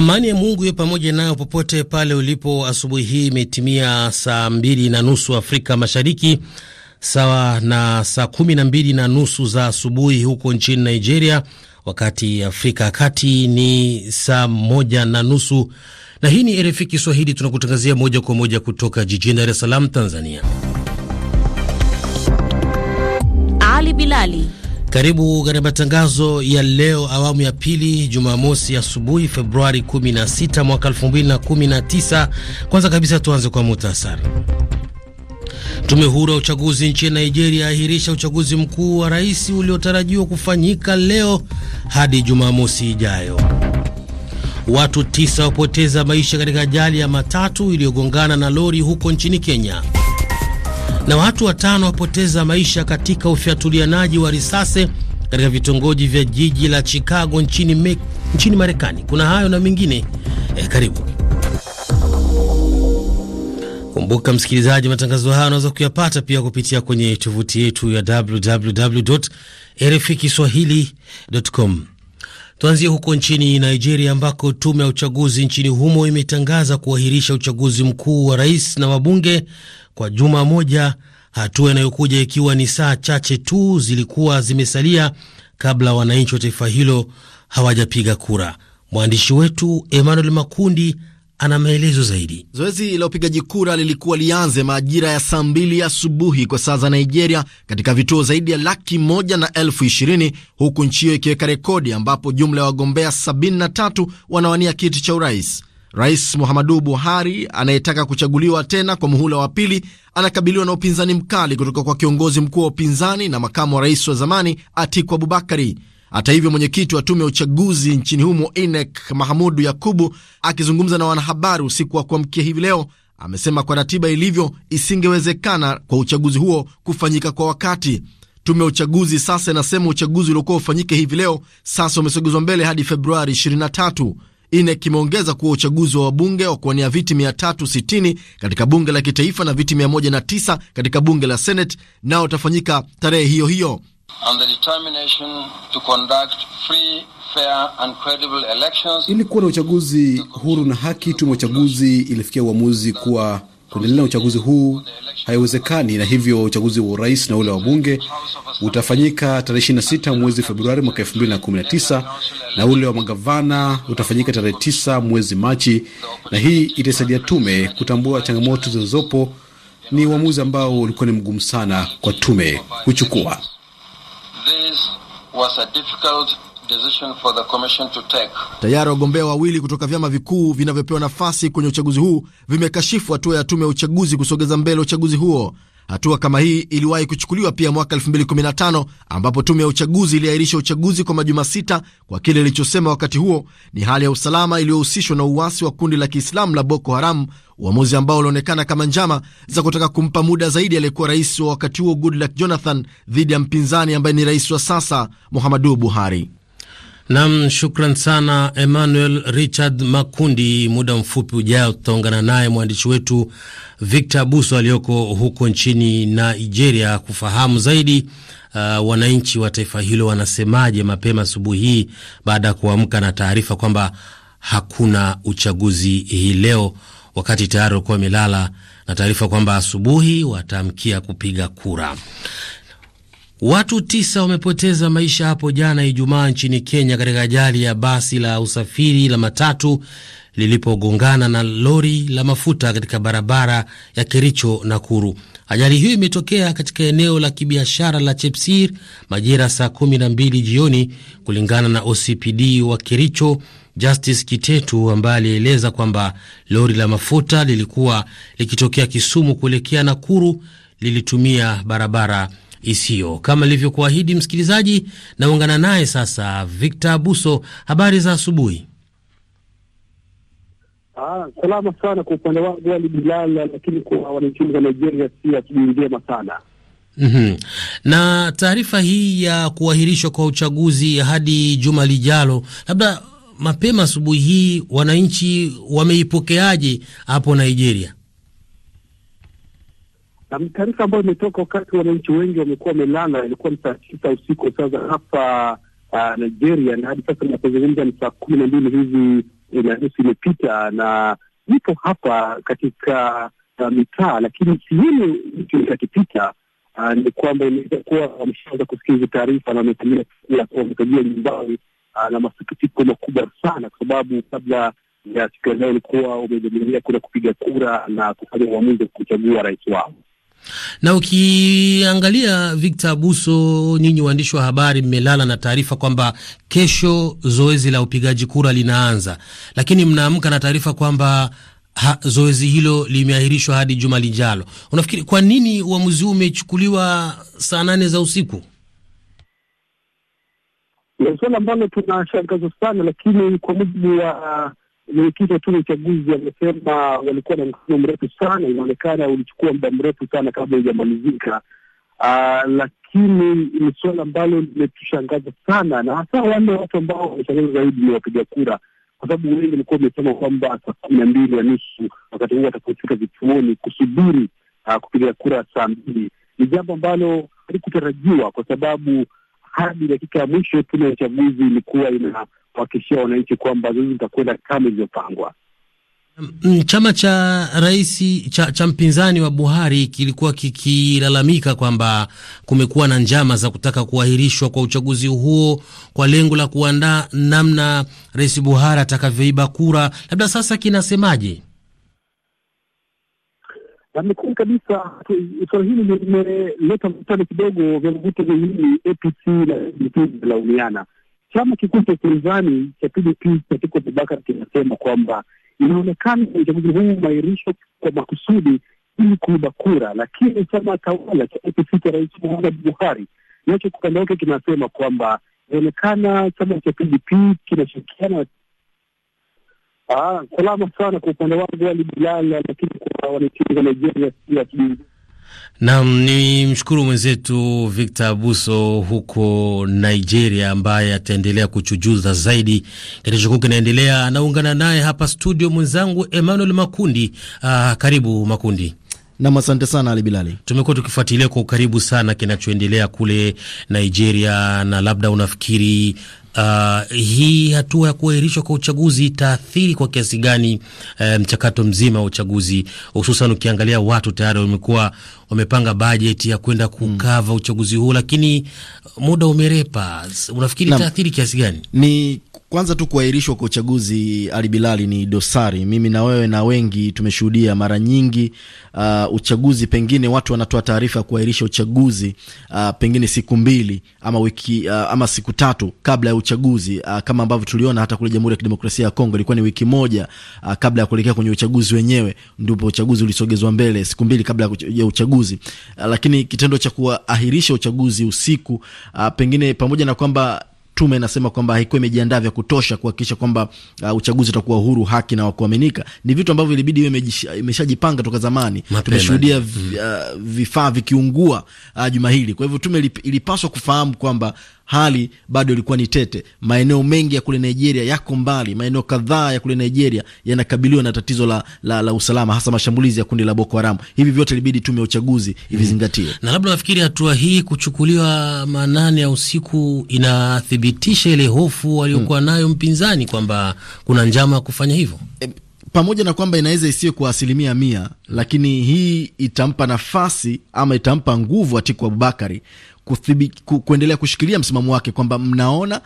Amani ya Mungu iwe pamoja nayo popote pale ulipo. Asubuhi hii imetimia saa mbili na nusu Afrika Mashariki, sawa na saa kumi na mbili na nusu za asubuhi huko nchini Nigeria, wakati Afrika ya Kati ni saa moja na nusu. Na hii ni RFI Kiswahili, tunakutangazia moja kwa moja kutoka jijini Dar es Salaam, Tanzania. Ali Bilali karibu katika matangazo ya leo awamu ya pili, Jumamosi asubuhi Februari 16 mwaka 2019. Kwanza kabisa tuanze kwa muhtasari. Tume huru ya uchaguzi nchini Nigeria ahirisha uchaguzi mkuu wa rais uliotarajiwa kufanyika leo hadi Jumamosi ijayo. Watu tisa wapoteza maisha katika ajali ya matatu iliyogongana na lori huko nchini Kenya na watu watano wapoteza maisha katika ufyatulianaji wa risasi katika vitongoji vya jiji la Chicago nchini, me, nchini Marekani. Kuna hayo na mengine eh, karibu Kumbuka msikilizaji, matangazo haya unaweza kuyapata pia kupitia kwenye tovuti yetu ya www RFI Kiswahili.com. Tuanzie huko nchini Nigeria, ambako tume ya uchaguzi nchini humo imetangaza kuahirisha uchaguzi mkuu wa rais na wabunge kwa juma moja, hatua inayokuja ikiwa ni saa chache tu zilikuwa zimesalia kabla wananchi wa taifa hilo hawajapiga kura. Mwandishi wetu Emmanuel Makundi ana maelezo zaidi. Zoezi la upigaji kura lilikuwa lianze majira ya saa mbili asubuhi kwa saa za Nigeria, katika vituo zaidi ya laki moja na elfu ishirini huku nchi hiyo ikiweka rekodi ambapo jumla ya wagombea 73 wanawania kiti cha urais. Rais Muhammadu Buhari anayetaka kuchaguliwa tena kwa muhula wa pili anakabiliwa na upinzani mkali kutoka kwa kiongozi mkuu wa upinzani na makamu wa rais wa zamani Atiku Abubakari. Hata hivyo, mwenyekiti wa tume ya uchaguzi nchini humo INEC Mahamudu Yakubu akizungumza na wanahabari usiku wa kuamkia hivi leo amesema kwa ratiba ilivyo isingewezekana kwa uchaguzi huo kufanyika kwa wakati. Tume ya uchaguzi sasa inasema uchaguzi uliokuwa ufanyike hivi leo sasa umesogezwa mbele hadi Februari 23 ine kimeongeza kuwa uchaguzi wa wabunge wa kuwania viti 360 katika bunge la kitaifa na viti 109 katika bunge la Senate nao utafanyika tarehe hiyo hiyo. Ili kuwa na uchaguzi huru na haki, tume ya uchaguzi ilifikia uamuzi kuwa kuendelea na uchaguzi huu haiwezekani, na hivyo uchaguzi wa urais na ule wa bunge utafanyika tarehe 26 mwezi Februari mwaka 2019 na ule wa magavana utafanyika tarehe 9 mwezi Machi, na hii itasaidia tume kutambua changamoto zilizopo. Ni uamuzi ambao ulikuwa ni mgumu sana kwa tume kuchukua. Tayari wagombea wawili kutoka vyama vikuu vinavyopewa nafasi kwenye uchaguzi huu vimekashifu hatua ya tume ya uchaguzi kusogeza mbele uchaguzi huo. Hatua kama hii iliwahi kuchukuliwa pia mwaka 2015 ambapo tume ya uchaguzi iliahirisha uchaguzi kwa majuma sita kwa kile ilichosema wakati huo ni hali ya usalama iliyohusishwa na uasi wa kundi la Kiislamu la Boko Haram, uamuzi ambao ulionekana kama njama za kutaka kumpa muda zaidi aliyekuwa rais wa wakati huo Goodluck Jonathan dhidi ya mpinzani ambaye ni rais wa sasa Muhammadu Buhari. Nam, shukran sana Emmanuel Richard Makundi. Muda mfupi ujao tutaungana naye mwandishi wetu Victor Buso aliyoko huko nchini Nigeria kufahamu zaidi uh, wananchi wa taifa hilo wanasemaje mapema asubuhi hii baada ya kuamka na taarifa kwamba hakuna uchaguzi hii leo, wakati tayari walikuwa wamelala na taarifa kwamba asubuhi wataamkia kupiga kura. Watu tisa wamepoteza maisha hapo jana Ijumaa nchini Kenya katika ajali ya basi la usafiri la matatu lilipogongana na lori la mafuta katika barabara ya Kericho Nakuru. Ajali hiyo imetokea katika eneo la kibiashara la Chepsir majira saa kumi na mbili jioni, kulingana na OCPD wa Kericho Justice Kitetu ambaye alieleza kwamba lori la mafuta lilikuwa likitokea Kisumu kuelekea Nakuru lilitumia barabara isiyo kama ilivyokuahidi msikilizaji. Naungana naye sasa Victor Abuso, habari za asubuhi. Ah, salama sana kwa upande wangu Ali Bilal, lakini kwa wananchi wa Nigeria si asubuhi njema sana. Mm -hmm. Na taarifa hii ya kuahirishwa kwa uchaguzi hadi juma lijalo, labda mapema asubuhi hii wananchi wameipokeaje hapo Nigeria? na taarifa ambayo imetoka wakati wananchi wengi wamekuwa wamelala, ilikuwa ni saa tisa usiku sasa hapa uh, Nigeria, na hadi sasa inapozungumza ni saa kumi na mbili hivi eh, na nusu imepita, na ipo hapa katika uh, mitaa, lakini sehemu mtu akipita. uh, ni kwamba inaweza kuwa wameshaanza kusikia hizi taarifa na wametajia nyumbani na masikitiko makubwa sana, kwa sababu kabla ya siku ya leo ulikuwa umezamilia kuenda kupiga kura na kufanya uamuzi wa kuchagua rais wao. Na ukiangalia Victor Abuso, nyinyi waandishi wa habari mmelala na taarifa kwamba kesho zoezi la upigaji kura linaanza, lakini mnaamka na taarifa kwamba ha, zoezi hilo limeahirishwa hadi juma lijalo. Unafikiri kwa nini uamuzi huu umechukuliwa saa nane za usiku? Ni swala ambalo tunashangazwa sana, lakini kwa mujibu wa mwenyekiti wa tume ya uchaguzi amesema walikuwa na mkutano mrefu sana, inaonekana ulichukua muda mrefu sana kabla haijamalizika. Uh, ah, lakini ni suala ambalo limetushangaza sana, na hasa wale watu ambao wameshangaza zaidi ni wapiga kura, kwa sababu wengi walikuwa wamesema kwamba saa kumi na mbili na nusu wakati huo watapofika vituoni kusubiri uh, kupiga kura saa mbili. Ni jambo ambalo halikutarajiwa kwa sababu hadi dakika ya mwisho tume ya uchaguzi ilikuwa inawahakikishia wananchi kwamba zoezi litakwenda kama ilivyopangwa. Mm, chama cha rais cha, cha mpinzani wa Buhari kilikuwa kikilalamika kwamba kumekuwa na njama za kutaka kuahirishwa kwa uchaguzi huo kwa lengo la kuandaa namna rais Buhari atakavyoiba kura. Labda sasa kinasemaje? na nimekuwa kabisa swala hili limeleta mvutano kidogo, vya vuto viwili, APC na UDP vinalaumiana. Chama kikuu cha upinzani cha PDP cha Atiku Abubakar kinasema kwamba inaonekana uchaguzi huu umairishwa kwa makusudi ili kuiba kura, lakini chama tawala cha APC cha Rais muhammad Buhari nacho kwa upande wake kinasema kwamba inaonekana chama cha PDP kinashirikiana Ah, salama sana kwa upande wangu wali Bilala, lakini kwa wanatimu wa Nigeria pia kijiji Nam ni mshukuru mwenzetu Victor Abuso huko Nigeria, ambaye ataendelea kuchujuza zaidi kilichokuwa kinaendelea. Anaungana naye hapa studio mwenzangu Emmanuel Makundi. Aa, ah, karibu Makundi. Nam, asante sana Ali Bilali. Tumekuwa tukifuatilia kwa ukaribu sana kinachoendelea kule Nigeria, na labda unafikiri uh, hii hatua ya kuahirishwa kwa uchaguzi itaathiri kwa kiasi gani uh, mchakato um, mzima wa uchaguzi, hususan ukiangalia watu tayari wamekuwa wamepanga bajeti ya kwenda hmm. kukava mm. uchaguzi huu, lakini muda umerepa. Unafikiri itaathiri kiasi gani? Ni kwanza tu kuahirishwa kwa uchaguzi Ali Bilali ni dosari. Mimi na wewe na wengi tumeshuhudia mara nyingi uh, uchaguzi pengine watu wanatoa taarifa ya kuahirisha uchaguzi uh, pengine siku mbili ama wiki uh, ama siku tatu kabla ya uchaguzi uh, kama ambavyo tuliona hata kule Jamhuri ya Kidemokrasia ya Kongo ilikuwa ni wiki moja uh, kabla ya kuelekea kwenye uchaguzi wenyewe, ndipo uchaguzi ulisogezwa mbele siku mbili kabla ya uchaguzi uh, lakini kitendo cha kuahirisha uchaguzi usiku uh, pengine pamoja na kwamba tume inasema kwamba haikuwa imejiandaa vya kutosha kuhakikisha kwamba uh, uchaguzi utakuwa huru, haki na wa kuaminika. Ni vitu ambavyo ilibidi iwe imeshajipanga toka zamani. Tumeshuhudia mm. uh, vifaa vikiungua uh, juma hili. Kwa hivyo tume ilipaswa kufahamu kwamba hali bado ilikuwa ni tete. Maeneo mengi ya kule Nigeria yako mbali, maeneo kadhaa ya kule Nigeria yanakabiliwa na tatizo la, la, la usalama, hasa mashambulizi ya kundi la Boko Haram. Hivi vyote ilibidi tume ya uchaguzi hmm. ivizingatie hmm. Na labda nafikiri hatua hii kuchukuliwa manane ya usiku inathibitisha ile hofu waliokuwa hmm. nayo mpinzani kwamba kuna njama ya kufanya hivyo e pamoja na kwamba inaweza isiwe kwa asilimia mia, lakini hii itampa nafasi ama itampa nguvu Atiku Abubakari ku, kuendelea kushikilia msimamo wake kwamba mnaona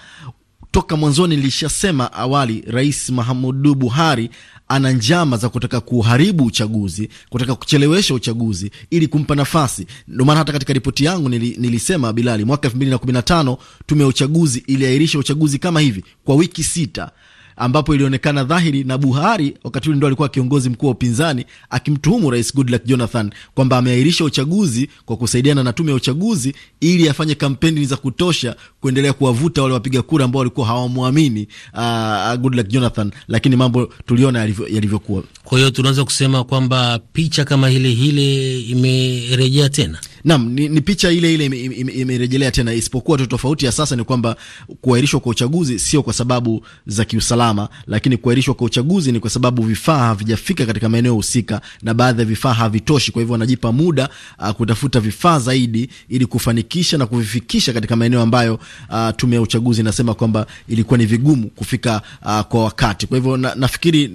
toka mwanzoni nilishasema awali, Rais Muhammadu Buhari ana njama za kutaka kuharibu uchaguzi, kutaka kuchelewesha uchaguzi ili kumpa nafasi. Ndio maana hata katika ripoti yangu nili, nilisema Bilali, mwaka elfu mbili na kumi na tano tume ya uchaguzi iliahirisha uchaguzi kama hivi kwa wiki sita ambapo ilionekana dhahiri na Buhari wakati ule ndo alikuwa kiongozi mkuu wa upinzani akimtuhumu Rais Goodluck Jonathan kwamba ameahirisha uchaguzi kwa kusaidiana na tume ya uchaguzi ili afanye kampeni za kutosha kuendelea kuwavuta wale wapiga kura ambao walikuwa hawamwamini uh, Goodluck Jonathan, lakini mambo tuliona yalivyokuwa. Kwa hiyo tunaweza kusema kwamba picha kama hile hile imerejea tena. Naam, ni, ni picha ile ile imerejelea tena, isipokuwa tu tofauti ya sasa ni kwamba kuahirishwa kwa uchaguzi sio kwa sababu za kiusalama, lakini kuahirishwa kwa uchaguzi ni kwa sababu vifaa havijafika katika maeneo husika na baadhi ya vifaa havitoshi. Kwa hivyo wanajipa muda uh, kutafuta vifaa zaidi ili kufanikisha na kuvifikisha katika maeneo ambayo uh, tume ya uchaguzi inasema kwamba ilikuwa ni vigumu kufika uh, kwa wakati. Kwa hivyo na, nafikiri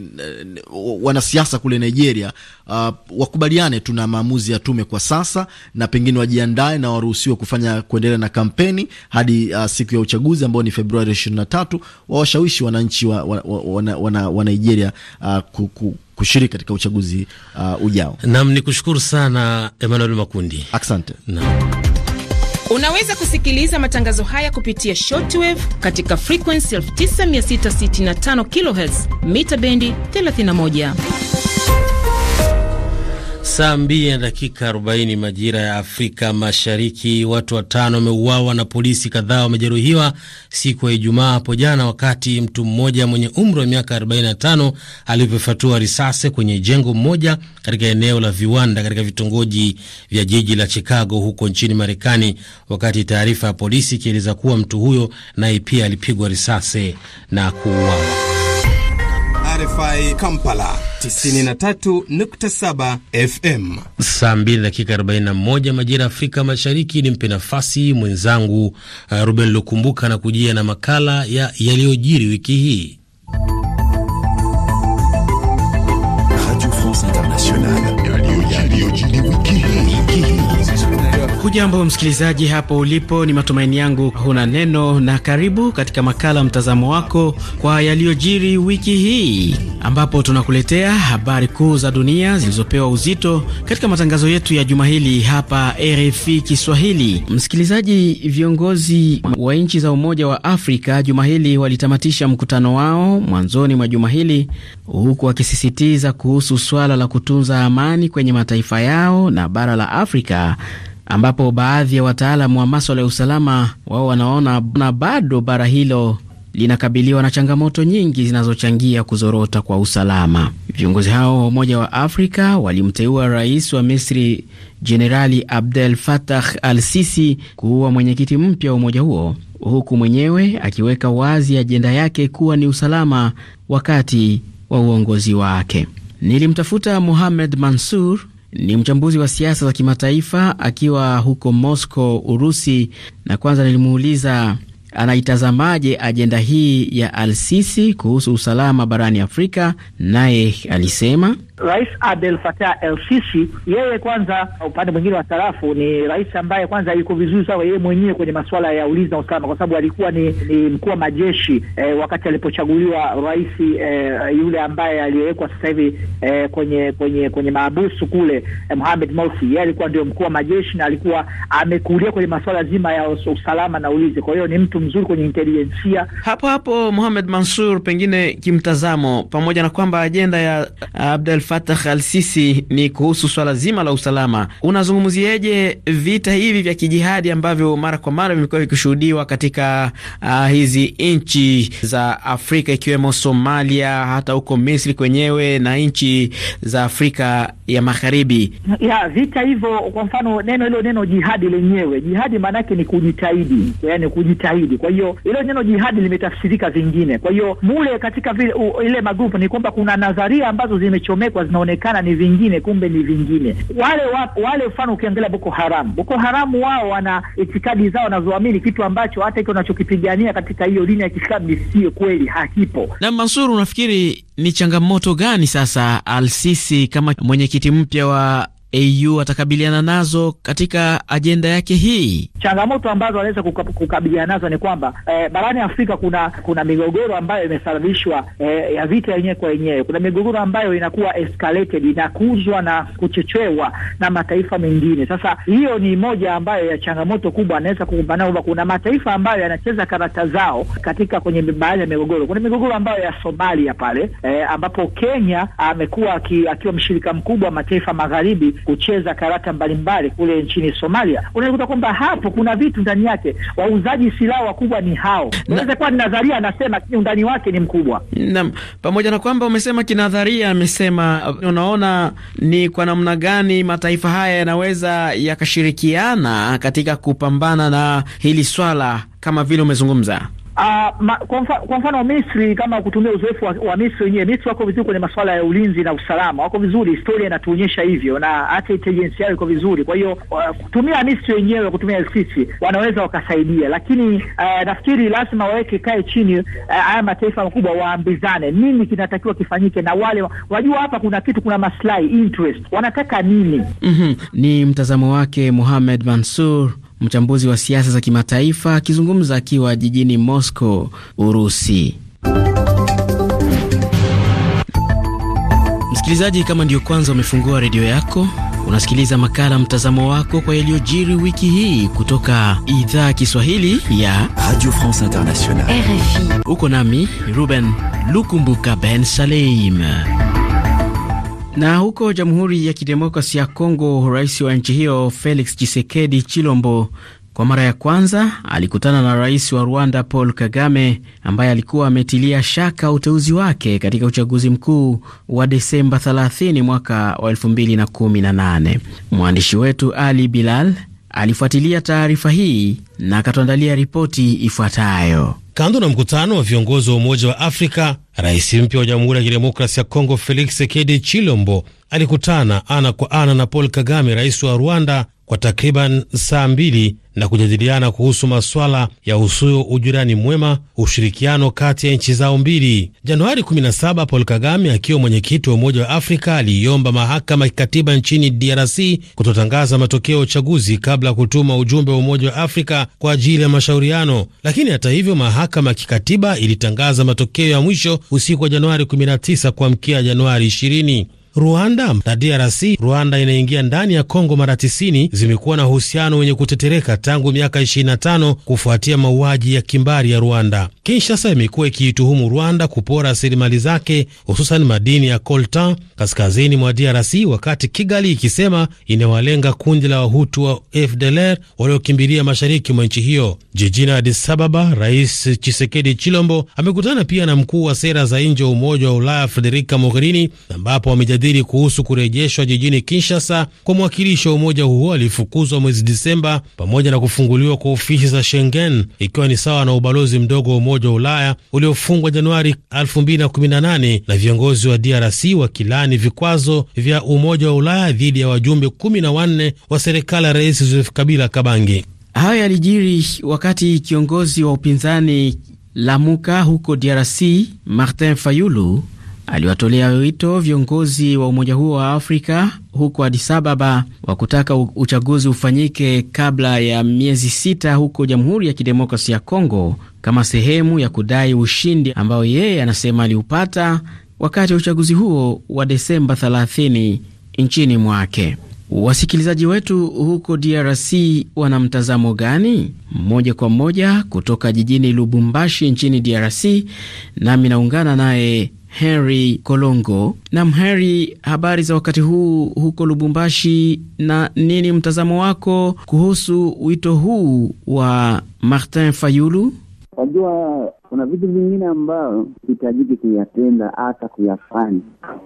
uh, wanasiasa kule Nigeria uh, wakubaliane tuna maamuzi ya tume kwa sasa na pengine wajiandae na waruhusiwe kufanya kuendelea na kampeni hadi uh, siku ya uchaguzi ambao ni Februari 23, wawashawishi wananchi wa, wa, wa, wa, wa, wa Nigeria uh, kuku, kushiriki katika uchaguzi uh, ujao. Naam, nikushukuru sana Emmanuel Makundi. Asante. Unaweza kusikiliza matangazo haya kupitia shortwave katika frequency 9665 kHz mita bendi 31. Saa mbili na dakika 40 majira ya Afrika Mashariki. Watu watano wameuawa na polisi kadhaa wamejeruhiwa siku ya Ijumaa hapo jana, wakati mtu mmoja mwenye umri wa miaka 45 alivyofatua risasi kwenye jengo mmoja katika eneo la viwanda katika vitongoji vya jiji la Chicago huko nchini Marekani, wakati taarifa ya polisi ikieleza kuwa mtu huyo naye pia alipigwa risasi na kuuawa. RFI Kampala 93.7 FM. Saa 2 dakika 41 majira Afrika Mashariki. Ni mpe nafasi mwenzangu uh, Ruben Lukumbuka na kujia na makala ya yaliyojiri wiki hii. Radio France Internationale. Yaliyojiri wiki hii. Hujambo msikilizaji hapo ulipo, ni matumaini yangu huna neno, na karibu katika makala mtazamo wako kwa yaliyojiri wiki hii, ambapo tunakuletea habari kuu za dunia zilizopewa uzito katika matangazo yetu ya juma hili hapa RFI Kiswahili. Msikilizaji, viongozi wa nchi za Umoja wa Afrika juma hili walitamatisha mkutano wao mwanzoni mwa juma hili, huku wakisisitiza kuhusu swala la kutunza amani kwenye mataifa yao na bara la Afrika ambapo baadhi ya wataalamu wa maswala ya usalama wao wanaona na bado bara hilo linakabiliwa na changamoto nyingi zinazochangia kuzorota kwa usalama. Viongozi hao wa Umoja wa Afrika walimteua rais wa Misri Jenerali Abdel Fattah al Sisi kuwa mwenyekiti mpya wa umoja huo, huku mwenyewe akiweka wazi ajenda yake kuwa ni usalama wakati wa uongozi wake. Nilimtafuta Mohamed Mansur ni mchambuzi wa siasa za kimataifa akiwa huko Moscow, Urusi, na kwanza nilimuuliza anaitazamaje ajenda hii ya Al-Sisi kuhusu usalama barani Afrika, naye alisema Rais Abdel Fattah El Sisi, yeye kwanza, upande mwingine wa sarafu, ni rais ambaye kwanza yuko vizuri sawa yeye mwenyewe kwenye masuala ya ulinzi na usalama, kwa sababu alikuwa ni, ni mkuu wa majeshi e, wakati alipochaguliwa rais e, yule ambaye aliyewekwa sasa hivi e, kwenye kwenye kwenye maabusu kule e, Mohamed Morsi, yeye alikuwa ndio mkuu wa majeshi na alikuwa amekulia kwenye masuala zima ya usalama na ulinzi. Kwa hiyo ni mtu mzuri kwenye intelijensia. Hapo hapo Mohamed Mansour, pengine kimtazamo, pamoja na kwamba ajenda ya Abdel Fatah Al Sisi ni kuhusu swala zima la usalama. Unazungumziaje vita hivi vya kijihadi ambavyo mara kwa mara vimekuwa vikishuhudiwa katika uh, hizi nchi za Afrika ikiwemo Somalia, hata huko Misri kwenyewe na nchi za Afrika ya magharibi. Ya vita hivyo, kwa mfano neno hilo neno jihadi lenyewe, jihadi maanake ni kujitahidi, yani kujitahidi. Kwa hiyo hilo neno jihadi limetafsirika vingine. Kwa hiyo mule katika vile u, ile magrupu ni kwamba kuna nadharia ambazo zimechomekwa zinaonekana ni vingine, kumbe ni vingine. Wale wa, wale mfano ukiangalia Boko Haram, Boko Haramu wao wana itikadi zao wanazoamini, kitu ambacho hata hiki wanachokipigania katika hiyo dini ya Kiislamu sio kweli, hakipo. Na Mansur, unafikiri ni changamoto gani sasa Al-Sisi kama mwenye mwenyekiti mpya wa AU atakabiliana nazo katika ajenda yake hii. Changamoto ambazo wanaweza kukabiliana nazo ni kwamba eh, barani Afrika kuna kuna migogoro ambayo imesababishwa eh, ya vita yenyewe kwa yenyewe. Kuna migogoro ambayo inakuwa escalated, inakuzwa na kuchochewa na mataifa mengine. Sasa hiyo ni moja ambayo ya changamoto kubwa anaweza kukumbana kuna mataifa ambayo yanacheza karata zao katika kwenye baadhi ya migogoro. Kuna migogoro ambayo ya Somalia pale eh, ambapo Kenya amekuwa akiwa mshirika mkubwa wa mataifa magharibi kucheza karata mbalimbali kule nchini Somalia, unakuta kwamba hapo kuna vitu ndani yake. Wauzaji silaha wakubwa ni hao. Inaweza kuwa ni nadharia anasema, lakini undani wake ni mkubwa. Naam, pamoja na kwamba umesema kinadharia, amesema unaona ni kwa namna gani mataifa haya yanaweza yakashirikiana katika kupambana na hili swala kama vile umezungumza. Uh, ma, kwa, mfa, kwa mfano Misri, kama kutumia uzoefu wa, wa Misri wenyewe, Misri wako vizuri kwenye masuala ya ulinzi na usalama, wako vizuri, historia inatuonyesha hivyo, na hata intelligence yao iko vizuri. Kwa hiyo uh, kutumia Misri wenyewe, kutumia sisi wanaweza wakasaidia, lakini uh, nafikiri lazima waweke kae chini uh, haya uh, mataifa makubwa waambizane nini kinatakiwa kifanyike, na wale wajua, hapa kuna kitu, kuna maslahi interest, wanataka nini? mm -hmm. Ni mtazamo wake Mohamed Mansour mchambuzi wa siasa za kimataifa akizungumza akiwa jijini Moscow, Urusi. Msikilizaji, kama ndiyo kwanza umefungua redio yako, unasikiliza makala mtazamo wako kwa yaliyojiri wiki hii kutoka idhaa Kiswahili ya Radio France Internationale, RFI. Uko nami Ruben Lukumbuka Ben Saleim. Na huko Jamhuri ya Kidemokrasi ya Kongo, rais wa nchi hiyo Felix chisekedi Chilombo kwa mara ya kwanza alikutana na rais wa Rwanda Paul Kagame ambaye alikuwa ametilia shaka uteuzi wake katika uchaguzi mkuu wa Desemba 30 mwaka wa 2018. Mwandishi wetu Ali Bilal alifuatilia taarifa hii na akatuandalia ripoti ifuatayo. Kando na mkutano wa viongozi wa Umoja wa Afrika, rais mpya wa Jamhuri ya Kidemokrasi ya Kongo Felix Sekedi Chilombo alikutana ana kwa ana na Paul Kagame, rais wa Rwanda, kwa takriban saa mbili na kujadiliana kuhusu masuala ya usuyo, ujirani mwema, ushirikiano kati ya nchi zao mbili. Januari 17, Paul Kagame akiwa mwenyekiti wa Umoja wa Afrika aliiomba mahakama ya kikatiba nchini DRC kutotangaza matokeo ya uchaguzi kabla ya kutuma ujumbe wa Umoja wa Afrika kwa ajili ya mashauriano. Lakini hata hivyo, mahakama ya kikatiba ilitangaza matokeo ya mwisho usiku wa Januari 19 kuamkia Januari 20. Rwanda na DRC. Rwanda inaingia ndani ya Kongo mara 90, zimekuwa na uhusiano wenye kutetereka tangu miaka 25 kufuatia mauaji ya kimbari ya Rwanda. Kinshasa imekuwa ikiituhumu Rwanda kupora rasilimali zake, hususan madini ya coltan kaskazini mwa DRC, wakati Kigali ikisema inawalenga kundi la Wahutu wa FDLR waliokimbilia mashariki mwa nchi hiyo. Jijini Addis Ababa, Rais Chisekedi Chilombo amekutana pia na mkuu wa sera za nje wa Umoja wa Ulaya Frederica Mogherini ambapo wameja kujadili kuhusu kurejeshwa jijini Kinshasa kwa mwakilishi wa umoja huo alifukuzwa mwezi Disemba, pamoja na kufunguliwa kwa ofisi za Schengen, ikiwa ni sawa na ubalozi mdogo wa Umoja wa Ulaya uliofungwa Januari 2018 na viongozi wa DRC wakilani vikwazo vya Umoja wa Ulaya dhidi ya wajumbe 14 wa serikali ya Rais Joseph Kabila Kabangi. Hayo yalijiri wakati kiongozi wa upinzani Lamuka huko DRC Martin Fayulu aliwatolea wito viongozi wa umoja huo wa Afrika huko Addis Ababa wa kutaka uchaguzi ufanyike kabla ya miezi sita huko Jamhuri ya kidemokrasi ya Kongo kama sehemu ya kudai ushindi ambao yeye anasema aliupata wakati wa uchaguzi huo wa Desemba 30 nchini mwake. Wasikilizaji wetu huko DRC wana mtazamo gani? Moja kwa moja kutoka jijini Lubumbashi nchini DRC, nami naungana naye Henry Kolongo. Nam Henry, habari za wakati huu huko Lubumbashi, na nini mtazamo wako kuhusu wito huu wa Martin Fayulu? Wajua, kuna vitu vingine ambayo hitajiki kuyatenda hata kuyafanya,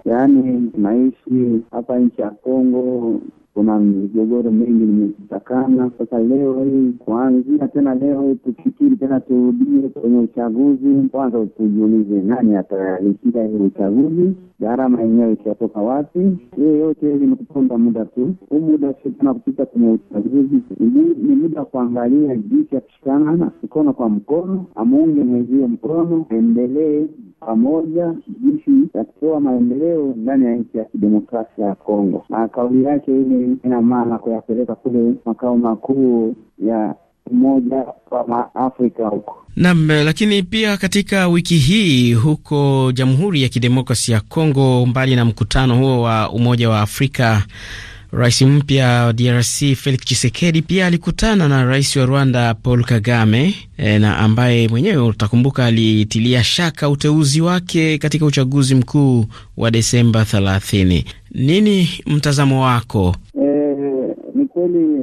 yaani tunaishi hapa nchi ya Kongo kuna migogoro mingi imetakana sasa. Leo hii kuanzia tena leo hii tufikiri tena, turudie kwenye uchaguzi kwanza, tujiulize nani atalishinda hii uchaguzi, gharama yenyewe itatoka wapi? Hiyo yote ni kuponda muda tu, huu muda sio tena kupita kwenye uchaguzi, ni muda wa kuangalia jinsi ya kushikana mkono kwa mkono, amuunge mwenzio mkono, aendelee pamoja jinsi ya kutoa maendeleo ndani ya nchi ya kidemokrasia ya Kongo, na kauli yake ile ina maana kuyapeleka kule makao makuu ya Umoja wa Maafrika huko nam lakini pia katika wiki hii huko Jamhuri ya Kidemokrasia ya Kongo, mbali na mkutano huo wa Umoja wa Afrika Rais mpya wa DRC Felix chisekedi pia alikutana na rais wa Rwanda Paul Kagame e, na ambaye mwenyewe utakumbuka alitilia shaka uteuzi wake katika uchaguzi mkuu wa Desemba 30. Nini mtazamo wako? E, ni kweli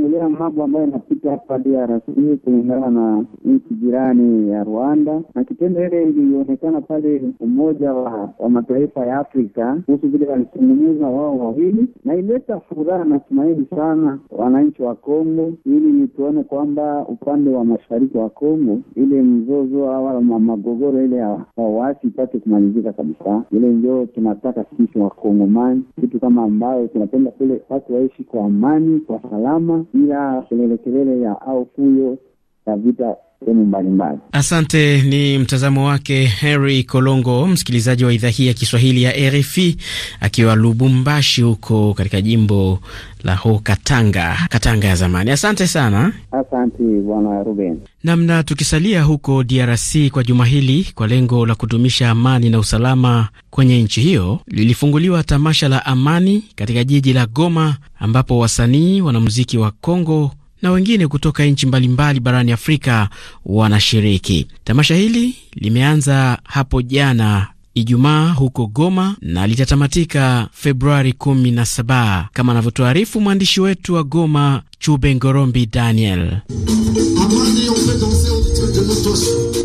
kuongelea mambo ambayo yanapita hapa DRC kulingana na nchi jirani ya Rwanda, na kitendo ile ilionekana pale Umoja wa, wa Mataifa ya Afrika kuhusu vile walizungumuza wao wawili, na ileta furaha na tumaini sana wananchi wa Kongo, ili nituone tuone kwamba upande wa mashariki wa Kongo ile mzozo au magogoro ile ya waasi ipate kumalizika kabisa. Ile ndio tunataka sisi Wakongomani, kitu kama ambayo tunapenda kule watu waishi kwa amani, kwa salama vida, se le ya a ya la vida. sehemu mbalimbali. Asante. Ni mtazamo wake Henry Kolongo, msikilizaji wa idhaa hii ya Kiswahili ya RFI akiwa Lubumbashi huko katika jimbo la ho Katanga, Katanga ya zamani. Asante sana. Asante bwana Ruben. Namna tukisalia huko DRC kwa juma hili, kwa lengo la kudumisha amani na usalama kwenye nchi hiyo, lilifunguliwa tamasha la amani katika jiji la Goma, ambapo wasanii wanamuziki wa Kongo na wengine kutoka nchi mbalimbali barani Afrika wanashiriki. Tamasha hili limeanza hapo jana Ijumaa huko Goma na litatamatika Februari 17 kama anavyotuarifu mwandishi wetu wa Goma Chube Ngorombi Daniel.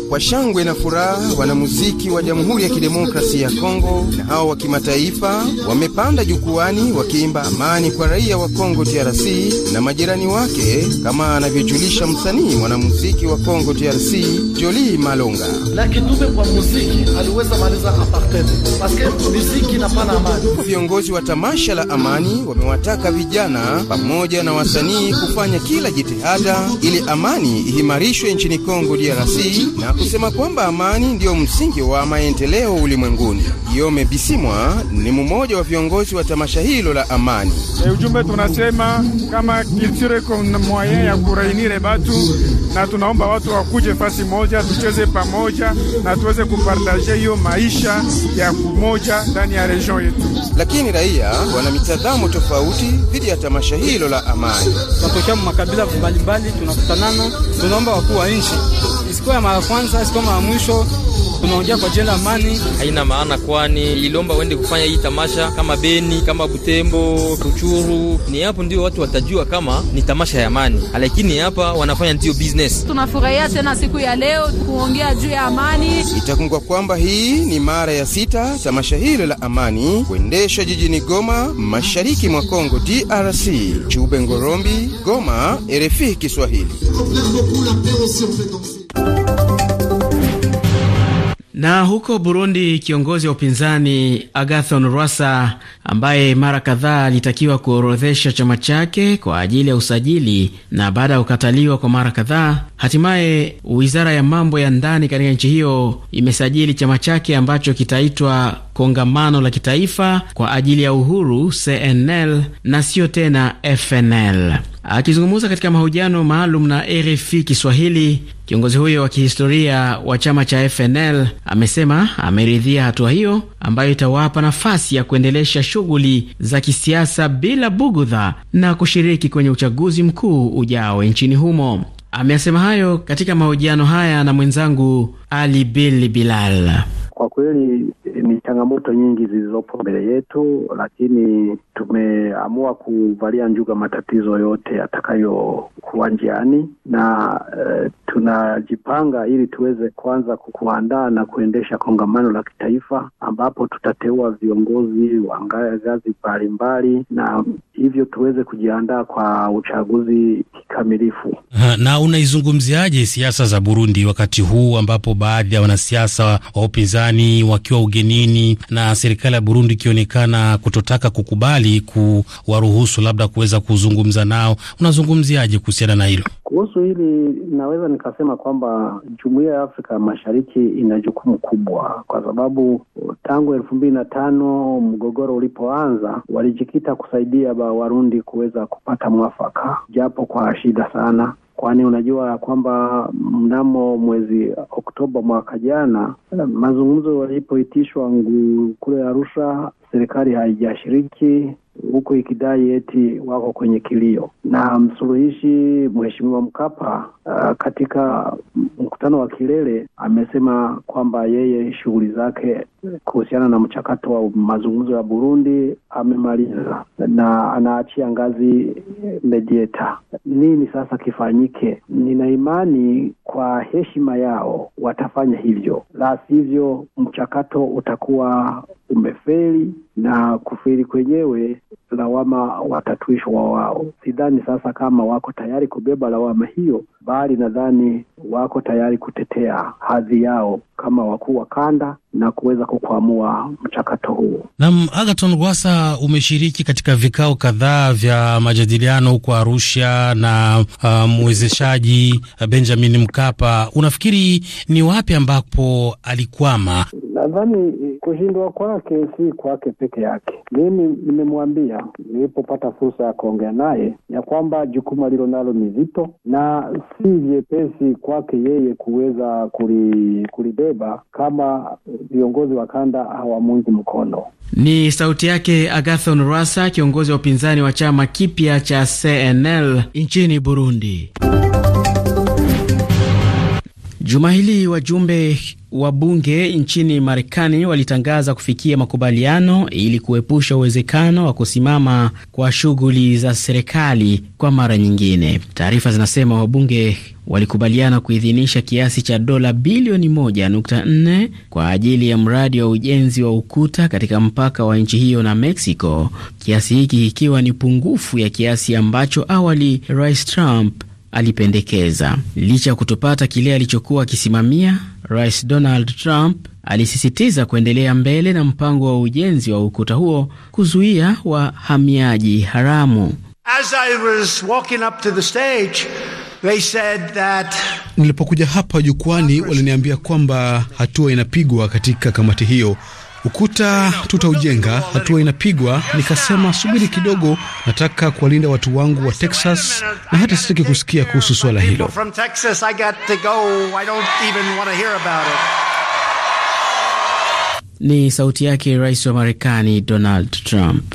Kwa shangwe na furaha, wanamuziki wa Jamhuri ya Kidemokrasia ya Kongo na hao wa kimataifa wamepanda jukwani wakiimba amani kwa raia wa Kongo DRC na majirani wake, kama anavyojulisha msanii mwanamuziki wa Kongo DRC Joli Malonga. Viongozi wa tamasha la amani wamewataka vijana pamoja na wasanii kufanya kila jitihada ili amani ihimarishwe nchini Kongo Kongo DRC na kusema kwamba amani ndiyo msingi wa maendeleo ulimwenguni. Yome Bisimwa ni mmoja wa viongozi wa tamasha hilo la amani. E, ujumbe tunasema kama kilture kuna mwaya ya kurainire batu, na tunaomba watu wakuje fasi moja, tucheze pamoja na tuweze kupartaje hiyo maisha ya kumoja ndani ya region yetu. Lakini raia wana mitazamo tofauti dhidi ya tamasha hilo la amani. Tunatokea makabila mbalimbali, tunakutanana, tunaomba wakuu wa nchi siku ya mara kwanza, sikuwa mara mwisho. Tunaongea kwa jela mani haina maana, kwani iliomba wende kufanya hii tamasha kama Beni, kama Butembo, Kuchuru, Ni hapo ndio watu watajua kama ni tamasha ya amani, lakini hapa wanafanya ndio business. Tunafurahia tena siku ya leo kuongea juu ya amani. Itakungwa kwamba hii ni mara ya sita tamasha hilo la amani kuendeshwa jijini Goma, mashariki mwa Kongo DRC. Chube Ngorombi, Goma, RFI Kiswahili. Na huko Burundi, kiongozi wa upinzani Agathon Rwasa ambaye mara kadhaa alitakiwa kuorodhesha chama chake kwa ajili ya usajili na baada ya kukataliwa kwa mara kadhaa Hatimaye wizara ya mambo ya ndani katika nchi hiyo imesajili chama chake ambacho kitaitwa Kongamano la Kitaifa kwa ajili ya Uhuru, CNL, na siyo tena FNL. Akizungumza katika mahojiano maalum na RFI Kiswahili, kiongozi huyo wa kihistoria wa chama cha FNL amesema ameridhia hatua hiyo ambayo itawapa nafasi ya kuendelesha shughuli za kisiasa bila bugudha na kushiriki kwenye uchaguzi mkuu ujao nchini humo. Amesema hayo katika mahojiano haya na mwenzangu Ali Bil Bilal. Kwa kweli ni changamoto nyingi zilizopo mbele yetu, lakini tumeamua kuvalia njuga matatizo yote yatakayokuwa njiani na e, tunajipanga ili tuweze kuanza kuandaa na kuendesha kongamano la kitaifa ambapo tutateua viongozi wa ngazi mbalimbali na hivyo tuweze kujiandaa kwa uchaguzi kikamilifu. Na unaizungumziaje siasa za Burundi wakati huu ambapo baadhi ya wanasiasa wa upinzani wakiwa ugeni nini, na serikali ya Burundi ikionekana kutotaka kukubali kuwaruhusu labda kuweza kuzungumza nao. Unazungumziaje kuhusiana na hilo? Kuhusu hili naweza nikasema kwamba jumuiya ya Afrika Mashariki ina jukumu kubwa, kwa sababu tangu elfu mbili na tano mgogoro ulipoanza walijikita kusaidia ba Warundi kuweza kupata mwafaka, japo kwa shida sana kwani unajua kwamba mnamo mwezi Oktoba mwaka jana mazungumzo yalipoitishwa kule Arusha, serikali haijashiriki huku ikidai eti wako kwenye kilio na msuluhishi Mheshimiwa Mkapa uh, katika mkutano wa kilele amesema kwamba yeye shughuli zake kuhusiana na mchakato wa mazungumzo ya Burundi amemaliza na anaachia ngazi medieta. Nini sasa kifanyike? Nina imani kwa heshima yao watafanya hivyo, la sivyo mchakato utakuwa umefeli, na kufeli kwenyewe lawama wa wao. Sidhani sasa kama wako tayari kubeba lawama hiyo, bali nadhani wako tayari kutetea hadhi yao kama wakuu wa kanda na kuweza kukwamua mchakato huo. Naam, Agaton Gwasa, umeshiriki katika vikao kadhaa vya majadiliano huko Arusha na uh, mwezeshaji Benjamin Mkapa. Unafikiri ni wapi ambapo alikwama? Nadhani kushindwa kwake si kwake peke yake. Mimi nimemwambia Kenya, nilipopata fursa ya kuongea naye, ya kwamba jukumu alilo nalo ni zito na si vyepesi kwake yeye kuweza kuli, kulibeba kama viongozi wa kanda hawamuungi mkono. Ni sauti yake Agathon Rwasa, kiongozi wa upinzani wa chama kipya cha CNL nchini Burundi. Juma hili wajumbe Wabunge nchini Marekani walitangaza kufikia makubaliano ili kuepusha uwezekano wa kusimama kwa shughuli za serikali kwa mara nyingine. Taarifa zinasema wabunge walikubaliana kuidhinisha kiasi cha dola bilioni 1.4 kwa ajili ya mradi wa ujenzi wa ukuta katika mpaka wa nchi hiyo na Mexico, kiasi hiki ikiwa ni pungufu ya kiasi ambacho awali Rais Trump alipendekeza. Licha ya kutopata kile alichokuwa akisimamia, Rais Donald Trump alisisitiza kuendelea mbele na mpango wa ujenzi wa ukuta huo kuzuia wahamiaji haramu. As I was walking up to the stage, they said that... Nilipokuja hapa jukwani, waliniambia kwamba hatua inapigwa katika kamati hiyo Ukuta tutaujenga, hatua inapigwa. Nikasema subiri kidogo, nataka kuwalinda watu wangu wa Texas na hata sitaki kusikia kuhusu swala hilo. Ni sauti yake Rais wa Marekani Donald Trump.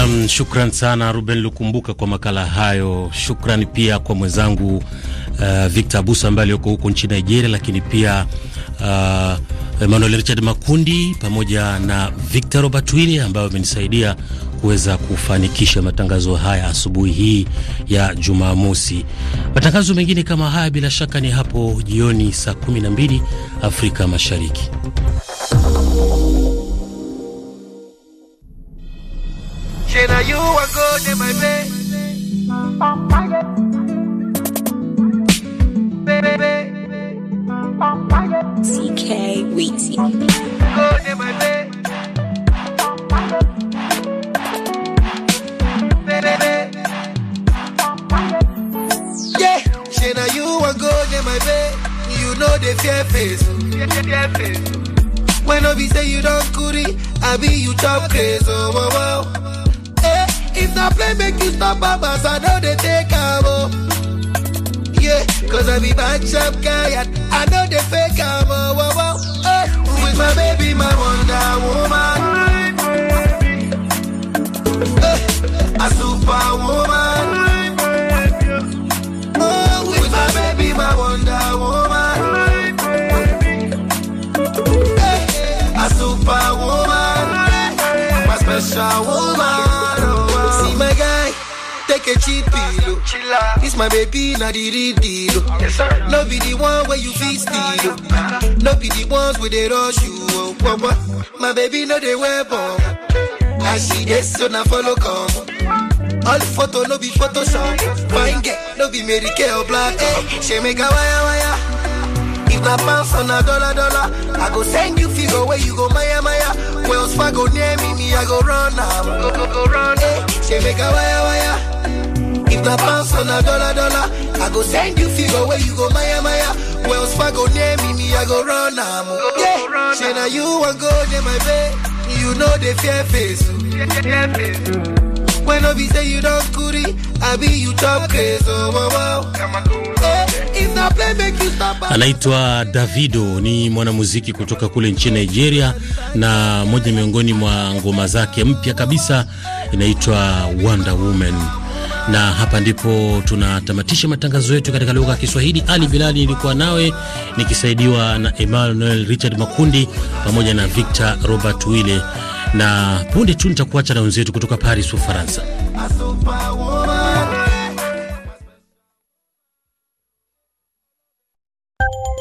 Nam, shukran sana Ruben Lukumbuka kwa makala hayo. Shukrani pia kwa mwenzangu uh, Victor Abusa ambaye aliyoko huko nchini Nigeria, lakini pia uh, Emmanuel Richard Makundi pamoja na Victor Robert Wili ambayo amenisaidia kuweza kufanikisha matangazo haya asubuhi hii ya Jumamosi. Matangazo mengine kama haya bila shaka ni hapo jioni saa 12 Afrika Mashariki. She you a go to my bed. CK Weezy. Go to my bed. Yeah, she now you a go to my bed. You know the fear face. When I be say you don't curry, I be you chop crazy. Oh, oh oh. I play make you stop papas, I know they take a mo. Yeah, cause I be bad sharp guy and I know they fake a mo. oh, oh. Hey, with my baby, my wonder woman. Hey, a superwoman. Oh, with my baby, my wonder woman. a superwoman, my special woman. love. This my baby, not the real deal. Yes, sir. No be the one where you feel steal. No be the ones where they rush you. Oh, oh, My baby, no they wear bomb. I see this, so now follow come. All photo no be Photoshop. Fine get no be Mary Kay or black. Eh. She make a wire wire. If my pants on a dollar dollar, I go send you figure where you go Maya Maya. Wells Fargo near me, me I go run now. Go go go run. Eh. She make a wire wire. If na pounds on a dollar dollar, I go send you figure where you go Maya Maya. Wells Fargo near me, me I go run am. Yeah, say now you want go dey my bed. You know the fear face. When I be say you don't curry, I be you talk crazy. Oh, wow, wow. Eh, Anaitwa Davido, ni mwanamuziki kutoka kule nchini Nigeria, na moja miongoni mwa ngoma zake mpya kabisa inaitwa Wonder Woman. Na hapa ndipo tunatamatisha matangazo yetu katika lugha ya Kiswahili. Ali Bilali ilikuwa nawe nikisaidiwa na Emmanuel Richard Makundi pamoja na Victor Robert Wile, na punde tu nitakuacha na wenzetu kutoka Paris, Ufaransa.